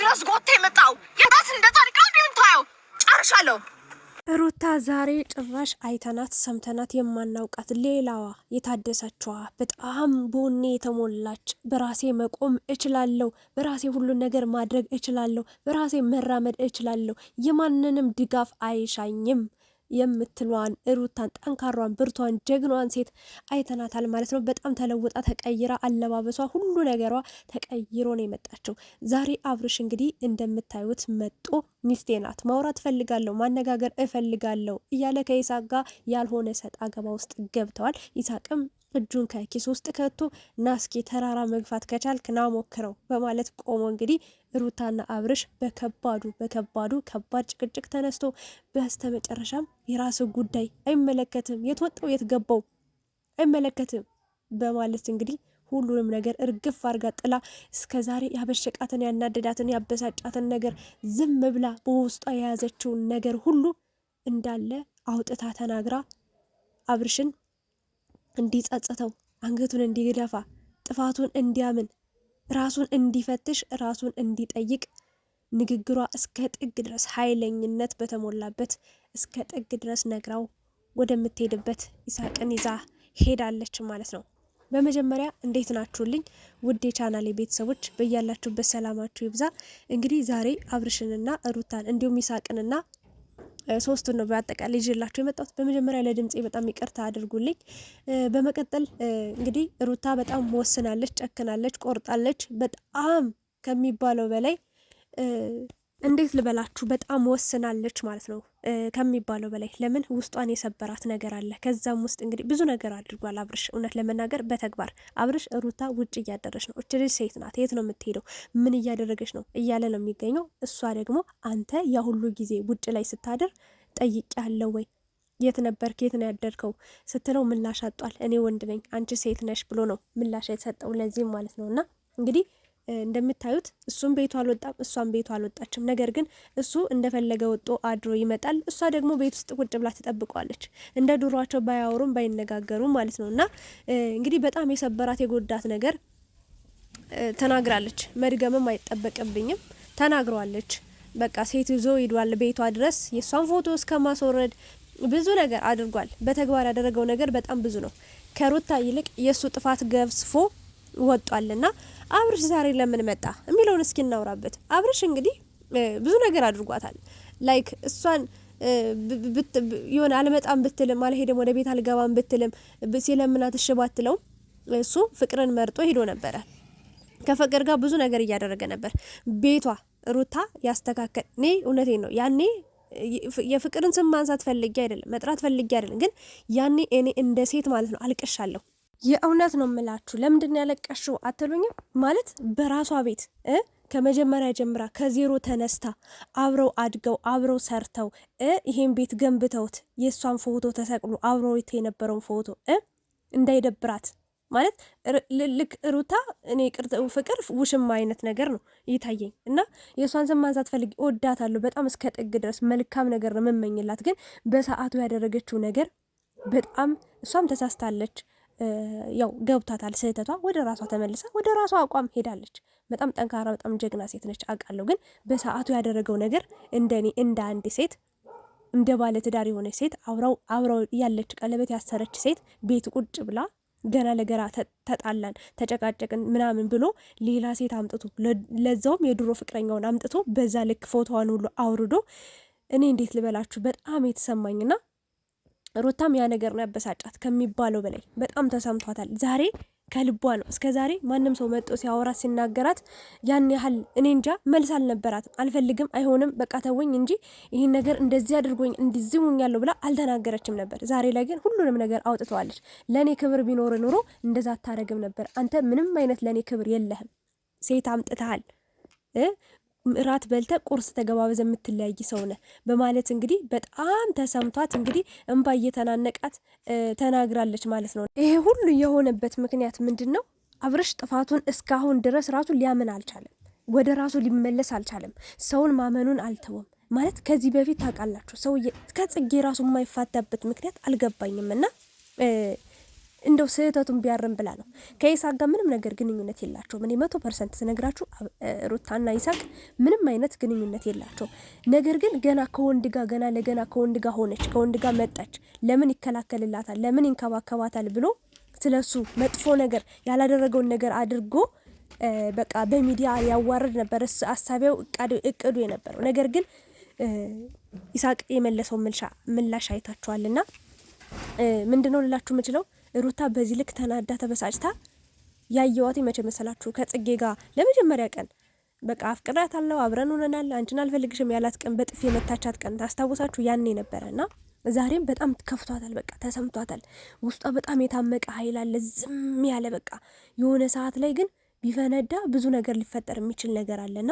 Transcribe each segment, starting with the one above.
ድረስ የመጣው እንደ ታሪክ ጨርሻለሁ። ሩታ ዛሬ ጭራሽ አይተናት ሰምተናት የማናውቃት ሌላዋ የታደሰችዋ በጣም ቦኔ የተሞላች በራሴ መቆም እችላለሁ፣ በራሴ ሁሉን ነገር ማድረግ እችላለሁ፣ በራሴ መራመድ እችላለሁ፣ የማንንም ድጋፍ አይሻኝም የምትሏን ሩታን ጠንካሯን ብርቷን ጀግኗን ሴት አይተናታል ማለት ነው። በጣም ተለውጣ ተቀይራ አለባበሷ ሁሉ ነገሯ ተቀይሮ ነው የመጣችው። ዛሬ አብርሽ እንግዲህ እንደምታዩት መጦ ሚስቴ ናት ማውራት እፈልጋለሁ ማነጋገር እፈልጋለሁ እያለ ከይሳቅ ጋር ያልሆነ ሰጥ አገባ ውስጥ ገብተዋል። ይሳቅም እጁን ከኪስ ውስጥ ከቶ ናስኪ ተራራ መግፋት ከቻልክ ና ሞክረው በማለት ቆሞ እንግዲህ ሩታና አብርሽ በከባዱ በከባዱ ከባድ ጭቅጭቅ ተነስቶ በስተመጨረሻም የራስ ጉዳይ አይመለከትም፣ የት ወጣው የት ገባው አይመለከትም በማለት እንግዲህ ሁሉንም ነገር እርግፍ አርጋ ጥላ እስከ ዛሬ ያበሸቃትን ያናደዳትን ያበሳጫትን ነገር ዝም ብላ በውስጧ የያዘችውን ነገር ሁሉ እንዳለ አውጥታ ተናግራ አብርሽን እንዲጸጽተው አንገቱን እንዲገደፋ ጥፋቱን እንዲያምን ራሱን እንዲፈትሽ ራሱን እንዲጠይቅ ንግግሯ እስከ ጥግ ድረስ ኃይለኝነት በተሞላበት እስከ ጥግ ድረስ ነግራው ወደምትሄድበት ይሳቅን ይዛ ሄዳለች ማለት ነው። በመጀመሪያ እንዴት ናችሁልኝ ውድ የቻናሌ ቤተሰቦች በያላችሁበት ሰላማችሁ ይብዛ። እንግዲህ ዛሬ አብርሽንና ሩታን እንዲሁም ይሳቅንና ሶስቱን ነው በአጠቃላይ ይዤላችሁ የመጣሁት። በመጀመሪያ ለድምፄ በጣም ይቅርታ አድርጉልኝ። በመቀጠል እንግዲህ ሩታ በጣም ወስናለች፣ ጨክናለች፣ ቆርጣለች። በጣም ከሚባለው በላይ እንዴት ልበላችሁ በጣም ወስናለች ማለት ነው ከሚባለው በላይ። ለምን ውስጧን የሰበራት ነገር አለ። ከዛም ውስጥ እንግዲህ ብዙ ነገር አድርጓል አብርሽ። እውነት ለመናገር በተግባር አብርሽ ሩታ ውጭ እያደረች ነው። እች ልጅ ሴት ናት። የት ነው የምትሄደው? ምን እያደረገች ነው? እያለ ነው የሚገኘው። እሷ ደግሞ አንተ ያሁሉ ጊዜ ውጭ ላይ ስታደር ጠይቅ ያለው ወይ የት ነበርክ? የት ነው ያደርከው? ስትለው ምላሽ አጧል። እኔ ወንድ ነኝ አንቺ ሴት ነሽ ብሎ ነው ምላሽ የተሰጠው። ለዚህም ማለት ነው እና እንግዲህ እንደምታዩት እሱም ቤቱ አልወጣም፣ እሷም ቤቱ አልወጣችም። ነገር ግን እሱ እንደፈለገ ወጦ አድሮ ይመጣል፣ እሷ ደግሞ ቤት ውስጥ ቁጭ ብላ ትጠብቀዋለች። እንደ ድሯቸው ባያወሩም ባይነጋገሩም ማለት ነው እና እንግዲህ በጣም የሰበራት የጎዳት ነገር ተናግራለች። መድገምም አይጠበቅብኝም ተናግሯለች። በቃ ሴት ይዞ ሂዷል ቤቷ ድረስ የእሷን ፎቶ እስከ ማስወረድ ብዙ ነገር አድርጓል። በተግባር ያደረገው ነገር በጣም ብዙ ነው። ከሩታ ይልቅ የእሱ ጥፋት ገብስፎ። ወጧልና አብርሽ ዛሬ ለምን መጣ የሚለውን እስኪ እናውራበት። አብርሽ እንግዲህ ብዙ ነገር አድርጓታል። ላይክ እሷን የሆነ አልመጣም ብትልም አልሄድም ወደ ቤት አልገባም ብትልም ሲለምናት እሺ ባትለውም እሱ ፍቅርን መርጦ ሄዶ ነበረ። ከፍቅር ጋር ብዙ ነገር እያደረገ ነበር። ቤቷ ሩታ ያስተካከል እኔ እውነቴን ነው ያኔ የፍቅርን ስም ማንሳት ፈልጌ አይደለም፣ መጥራት ፈልጌ አይደለም። ግን ያኔ እኔ እንደ ሴት ማለት ነው አልቅሻለሁ። የእውነት ነው የምላችሁ። ለምንድን ነው ያለቀሽው አትሉኝም? ማለት በራሷ ቤት ከመጀመሪያ ጀምራ ከዜሮ ተነስታ አብረው አድገው አብረው ሰርተው ይሄን ቤት ገንብተውት የእሷን ፎቶ ተሰቅሎ አብረው የነበረውን ፎቶ እንዳይደብራት ማለት ልክ ሩታ እኔ ቅርጥው ፍቅር ውሽማ አይነት ነገር ነው ይታየኝ እና የእሷን ስም ማንሳት ፈልጌ እወዳታለሁ። በጣም እስከ ጥግ ድረስ መልካም ነገር ነው የምመኝላት። ግን በሰዓቱ ያደረገችው ነገር በጣም እሷም ተሳስታለች። ያው ገብቷታል ስህተቷ። ወደ ራሷ ተመልሳ ወደ ራሷ አቋም ሄዳለች። በጣም ጠንካራ፣ በጣም ጀግና ሴት ነች አውቃለሁ። ግን በሰዓቱ ያደረገው ነገር እንደኔ እንደ አንድ ሴት እንደ ባለ ትዳር የሆነች ሴት አብረው አብረው ያለች ቀለበት ያሰረች ሴት ቤት ቁጭ ብላ ገና ለገራ ተጣላን ተጨቃጨቅን ምናምን ብሎ ሌላ ሴት አምጥቶ ለዛውም የድሮ ፍቅረኛውን አምጥቶ በዛ ልክ ፎቶዋን ሁሉ አውርዶ እኔ እንዴት ልበላችሁ በጣም የተሰማኝና ሩታም ያ ነገር ነው ያበሳጫት ከሚባለው በላይ በጣም ተሰምቷታል። ዛሬ ከልቧ ነው። እስከ ዛሬ ማንም ሰው መጦ ሲያወራት ሲናገራት ያን ያህል እኔ እንጃ መልስ አልነበራትም። አልፈልግም፣ አይሆንም፣ በቃ ተወኝ እንጂ ይህን ነገር እንደዚህ አድርጎኝ እንዲዚህ ያለው ብላ አልተናገረችም ነበር። ዛሬ ላይ ግን ሁሉንም ነገር አውጥተዋለች። ለእኔ ክብር ቢኖር ኑሮ እንደዛ አታረግም ነበር። አንተ ምንም አይነት ለእኔ ክብር የለህም። ሴት አምጥተሃል እራት በልተ ቁርስ ተገባበዘ የምትለያይ ሰው ነ በማለት እንግዲህ በጣም ተሰምቷት እንግዲህ እንባ እየተናነቃት ተናግራለች ማለት ነው። ይሄ ሁሉ የሆነበት ምክንያት ምንድን ነው? አብርሽ ጥፋቱን እስካሁን ድረስ ራሱ ሊያምን አልቻለም። ወደ ራሱ ሊመለስ አልቻለም። ሰውን ማመኑን አልተወም። ማለት ከዚህ በፊት ታውቃላችሁ ሰው ከጽጌ ራሱ የማይፋታበት ምክንያት አልገባኝም እና እንደው ስህተቱን ቢያርም ብላ ነው። ከይሳቅ ጋር ምንም ነገር ግንኙነት የላቸው እኔ መቶ ፐርሰንት ስነግራችሁ ሩታና ይሳቅ ምንም አይነት ግንኙነት የላቸው። ነገር ግን ገና ከወንድ ጋር ገና ለገና ከወንድ ጋር ሆነች ከወንድ ጋር መጣች፣ ለምን ይከላከልላታል? ለምን ይንከባከባታል? ብሎ ስለሱ መጥፎ ነገር ያላደረገውን ነገር አድርጎ በቃ በሚዲያ ያዋረድ ነበር አሳቢያው እቅዱ የነበረው። ነገር ግን ይሳቅ የመለሰው ምላሽ አይታችኋልና ምንድነው ልላችሁ የምችለው ሩታ በዚህ ልክ ተናዳ ተበሳጭታ ያየዋት መቼ መሰላችሁ? ከጽጌ ጋር ለመጀመሪያ ቀን በቃ አፍቅራት አለው አብረን ሆነናል፣ አንቺን አልፈልግሽም ያላት ቀን በጥፊ የመታቻት ቀን ታስታውሳችሁ? ያኔ ነበረና ዛሬም በጣም ከፍቷታል። በቃ ተሰምቷታል። ውስጧ በጣም የታመቀ ኃይል አለ፣ ዝም ያለ በቃ የሆነ ሰዓት ላይ ግን ቢፈነዳ ብዙ ነገር ሊፈጠር የሚችል ነገር አለና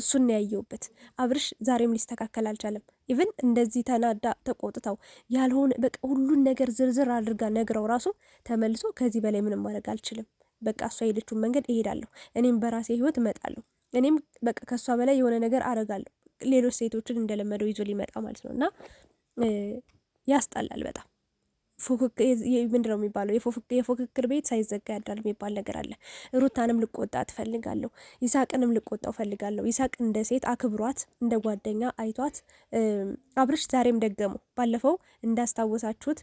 እሱን ያየውበት። አብርሽ ዛሬም ሊስተካከል አልቻለም። ኢቭን እንደዚህ ተናዳ ተቆጥታው ያልሆነ በቃ ሁሉን ነገር ዝርዝር አድርጋ ነግረው ራሱ ተመልሶ ከዚህ በላይ ምንም ማድረግ አልችልም፣ በቃ እሷ የሄደችውን መንገድ እሄዳለሁ፣ እኔም በራሴ ህይወት እመጣለሁ፣ እኔም በቃ ከእሷ በላይ የሆነ ነገር አደርጋለሁ፣ ሌሎች ሴቶችን እንደለመደው ይዞ ሊመጣ ማለት ነው እና ያስጠላል በጣም ምንድን ነው የሚባለው የፉክክር ቤት ሳይዘጋ ያድራል የሚባል ነገር አለ። ሩታንም ልቆጣ ትፈልጋለሁ። ይሳቅንም ልቆጣው ፈልጋለሁ። ይሳቅ እንደ ሴት አክብሯት፣ እንደ ጓደኛ አይቷት። አብርሽ ዛሬም ደገሙ ባለፈው እንዳስታወሳችሁት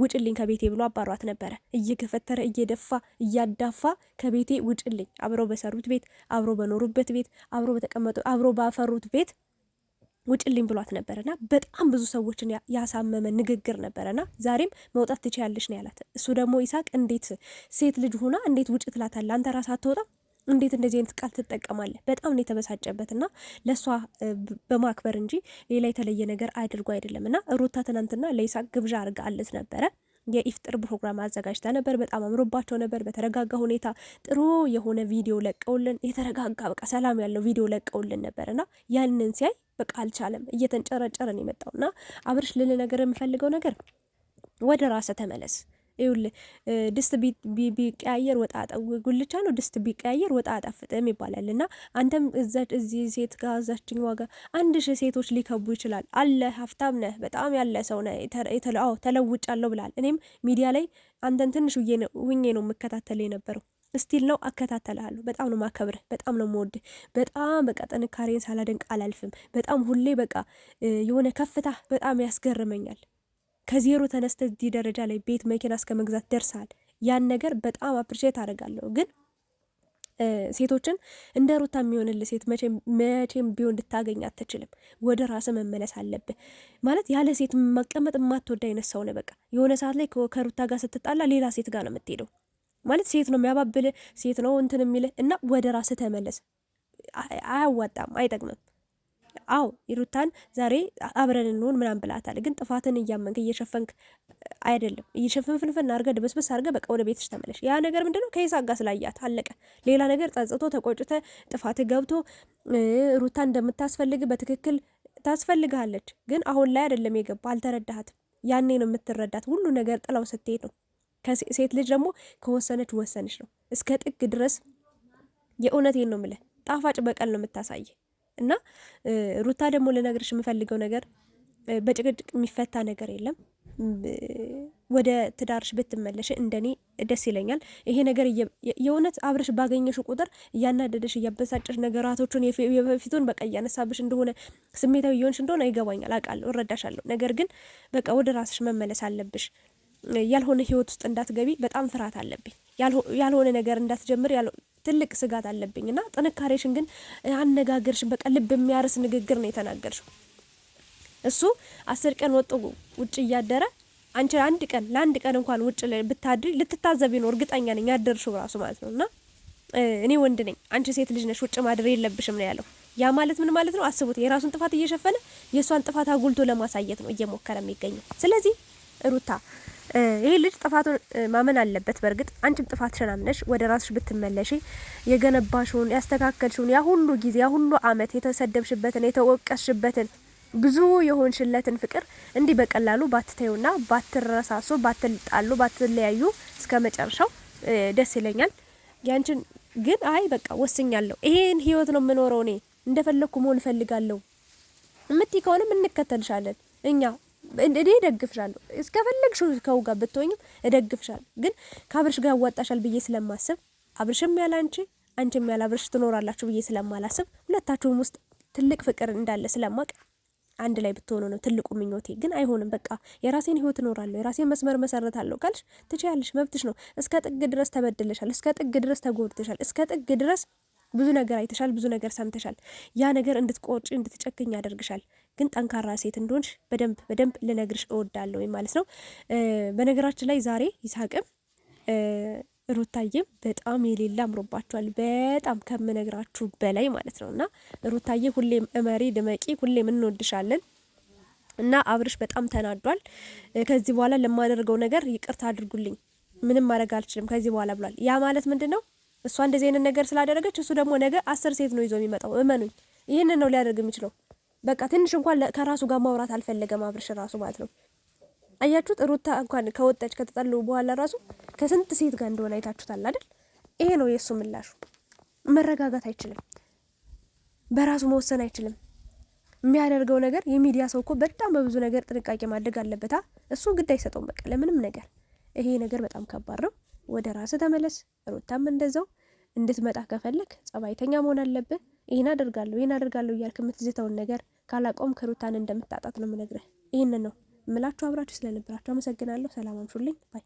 ውጭልኝ ከቤቴ ብሎ አባሯት ነበረ። እየገፈተረ እየደፋ እያዳፋ ከቤቴ ውጭልኝ፣ አብረው በሰሩት ቤት፣ አብረው በኖሩበት ቤት፣ አብረው በተቀመጡ አብረው ባፈሩት ቤት ውጭልኝ ብሏት ነበረና በጣም ብዙ ሰዎችን ያሳመመ ንግግር ነበረና ዛሬም መውጣት ትችያለሽ ነው ያላት። እሱ ደግሞ ይሳቅ እንዴት ሴት ልጅ ሁና እንዴት ውጭ ትላታለህ አንተ ራስህ አትወጣም እንዴት እንደዚህ አይነት ቃል ትጠቀማለህ? በጣም ነው የተበሳጨበት ለእሷ በማክበር እንጂ ሌላ የተለየ ነገር አድርጎ አይደለም። እና ሩታ ትናንትና ለይሳቅ ግብዣ አድርጋ አለት ነበረ የኢፍጥር ፕሮግራም አዘጋጅታ ነበር። በጣም አምሮባቸው ነበር። በተረጋጋ ሁኔታ ጥሩ የሆነ ቪዲዮ ለቀውልን፣ የተረጋጋ በቃ ሰላም ያለው ቪዲዮ ለቀውልን ነበር እና ያንን ሲያይ በቃ አልቻለም። እየተንጨረጨረ ነው የመጣው እና አብርሽ ልል ነገር የምፈልገው ነገር ወደ ራስህ ተመለስ። ይውል ድስት ቢቀያየር ወጣጠ ጉልቻ ነው። ድስት ቢቀያየር ወጣ አጣፍጥም ይባላል እና አንተም እዚህ ሴት ጋር እዛችኝ ዋጋ አንድ ሺህ ሴቶች ሊከቡ ይችላል። አለ ሀብታም ነህ፣ በጣም ያለ ሰው ነህ፣ ተለውጫለሁ ብላል። እኔም ሚዲያ ላይ አንተን ትንሽ ሁኜ ነው የምከታተል የነበረው እስቲል ነው አከታተልሃለሁ። በጣም ነው ማከብርህ፣ በጣም ነው መወድህ። በጣም በቃ ጥንካሬን ሳላደንቅ አላልፍም። በጣም ሁሌ በቃ የሆነ ከፍታ በጣም ያስገርመኛል። ከዜሮ ተነስተ እዚህ ደረጃ ላይ ቤት መኪና እስከ መግዛት ደርሰሃል። ያን ነገር በጣም አፕሪሼት አደርጋለሁ ግን ሴቶችን እንደ ሩታ የሚሆንል ሴት መቼም ቢሆን ልታገኝ አትችልም። ወደ ራስ መመለስ አለብህ ማለት ያለ ሴት መቀመጥ የማትወድ አይነት ሰው ነው። በቃ የሆነ ሰዓት ላይ ከሩታ ጋር ስትጣላ ሌላ ሴት ጋር ነው የምትሄደው። ማለት ሴት ነው የሚያባብል ሴት ነው እንትን የሚል እና ወደ ራስ ተመለስ። አያዋጣም፣ አይጠቅምም። አው ይሩታን ዛሬ አብረን እንሆን ምናም ብላታል፣ ግን ጥፋትን እያመንክ እየሸፈንክ አይደለም። እየሸፈን ፍንፍን አርገ ድበስበስ አርገ በቃ ወደ ቤትሽ ተመለሽ። ያ ነገር ምንድን ነው? ከይሳ ጋ ስላያት አለቀ። ሌላ ነገር ጸጽቶ ተቆጭተ ጥፋት ገብቶ ሩታ እንደምታስፈልግ በትክክል ታስፈልግሃለች፣ ግን አሁን ላይ አይደለም የገባ አልተረዳሃትም። ያኔ ነው የምትረዳት። ሁሉ ነገር ጥላው ስትሄድ ነው ከሴት ልጅ ደግሞ ከወሰነች ወሰነች ነው እስከ ጥግ ድረስ። የእውነቴን ነው የምልህ፣ ጣፋጭ በቀል ነው የምታሳይ እና ሩታ ደግሞ ልነግርሽ የምፈልገው ነገር በጭቅጭቅ የሚፈታ ነገር የለም። ወደ ትዳርሽ ብትመለሽ እንደኔ ደስ ይለኛል። ይሄ ነገር የእውነት አብረሽ ባገኘሽ ቁጥር እያናደደሽ እያበሳጨሽ ነገራቶቹን የበፊቱን በቃ እያነሳብሽ እንደሆነ ስሜታዊ እየሆንሽ እንደሆነ ይገባኛል፣ አውቃለሁ፣ እረዳሻለሁ። ነገር ግን በቃ ወደ ራስሽ መመለስ አለብሽ። ያልሆነ ህይወት ውስጥ እንዳትገቢ በጣም ፍርሃት አለብኝ። ያልሆነ ነገር እንዳትጀምር ትልቅ ስጋት አለብኝ እና ጥንካሬሽን ግን አነጋገርሽን በቃ ልብ የሚያርስ ንግግር ነው የተናገርሽው። እሱ አስር ቀን ወጥቶ ውጭ እያደረ አንቺ አንድ ቀን ለአንድ ቀን እንኳን ውጭ ብታድሪ ልትታዘቢ ነው እርግጠኛ ነኝ። ያደርሽው ራሱ ማለት ነው እና እኔ ወንድ ነኝ፣ አንቺ ሴት ልጅ ነሽ፣ ውጭ ማደር የለብሽም ነው ያለው። ያ ማለት ምን ማለት ነው? አስቡት። የራሱን ጥፋት እየሸፈነ የእሷን ጥፋት አጉልቶ ለማሳየት ነው እየሞከረ የሚገኘው። ስለዚህ ሩታ ይሄ ልጅ ጥፋቱን ማመን አለበት። በእርግጥ አንቺም ጥፋትሽን አምነሽ ወደ ራስሽ ብትመለሽ የገነባሽውን ያስተካከልሽውን ያ ሁሉ ጊዜ ያ ሁሉ አመት የተሰደብሽበትን የተወቀስሽበትን ብዙ የሆንሽለትን ፍቅር እንዲህ በቀላሉ ባትተዩና ባትረሳሱ ባትጣሉ ባትለያዩ እስከ መጨረሻው ደስ ይለኛል። ያንቺን ግን አይ በቃ ወስኛለሁ፣ ይሄን ህይወት ነው የምኖረው እኔ እንደፈለግኩ መሆን እፈልጋለሁ የምትይ ከሆነም እንከተልሻለን እኛ እኔ እደግፍሻለሁ። እስከፈለግሽው ከው ጋር ብትሆኝም እደግፍሻለሁ። ግን ከአብርሽ ጋር ያዋጣሻል ብዬ ስለማስብ አብርሽም ያለ አንቺ አንቺም ያለ አብርሽ ትኖራላችሁ ብዬ ስለማላስብ ሁለታችሁም ውስጥ ትልቅ ፍቅር እንዳለ ስለማቅ አንድ ላይ ብትሆኑ ነው ትልቁ ምኞቴ። ግን አይሆንም። በቃ የራሴን ህይወት እኖራለሁ፣ የራሴን መስመር መሰረታለሁ ካልሽ ትችያለሽ፣ መብትሽ ነው። እስከ ጥግ ድረስ ተበድለሻል፣ እስከ ጥግ ድረስ ተጎድተሻል፣ እስከ ጥግ ድረስ ብዙ ነገር አይተሻል፣ ብዙ ነገር ሰምተሻል። ያ ነገር እንድትቆጪ እንድትጨክኝ ያደርግሻል። ግን ጠንካራ ሴት እንደሆንሽ በደንብ በደንብ ልነግርሽ እወዳለሁ ማለት ነው። በነገራችን ላይ ዛሬ ይሳቅም ሩታዬም በጣም የሌላ አምሮባቸዋል። በጣም ከምነግራችሁ በላይ ማለት ነው። እና ሩታዬ ሁሌም እመሪ ድመቂ፣ ሁሌም እንወድሻለን። እና አብርሽ በጣም ተናዷል። ከዚህ በኋላ ለማደርገው ነገር ይቅርታ አድርጉልኝ፣ ምንም ማድረግ አልችልም ከዚህ በኋላ ብሏል። ያ ማለት ምንድን ነው? እሷ እንደዚህ አይነት ነገር ስላደረገች እሱ ደግሞ ነገ አስር ሴት ነው ይዞ የሚመጣው። እመኑኝ፣ ይህንን ነው ሊያደርግ የሚችለው። በቃ ትንሽ እንኳን ከራሱ ጋር ማውራት አልፈለገም አብርሽ ራሱ ማለት ነው። አያችሁት ሩታ እንኳን ከወጣች ከተጠሉ በኋላ ራሱ ከስንት ሴት ጋር እንደሆነ አይታችሁታል አይደል? ይሄ ነው የእሱ ምላሹ። መረጋጋት አይችልም፣ በራሱ መወሰን አይችልም። የሚያደርገው ነገር የሚዲያ ሰው እኮ በጣም በብዙ ነገር ጥንቃቄ ማድረግ አለበታ። እሱ ግድ አይሰጠውም በቃ ለምንም ነገር። ይሄ ነገር በጣም ከባድ ነው። ወደ ራስ ተመለስ። ሩታም እንደዛው እንድትመጣ ከፈለግ ጸባይተኛ መሆን አለብህ። ይህን አደርጋለሁ ይህን አደርጋለሁ እያልክ የምትዝተውን ነገር ካላቆም ከሩታን እንደምታጣት ነው የምነግርህ። ይህንን ነው ምላችሁ። አብራችሁ ስለነበራችሁ አመሰግናለሁ። ሰላም አምሹልኝ ባይ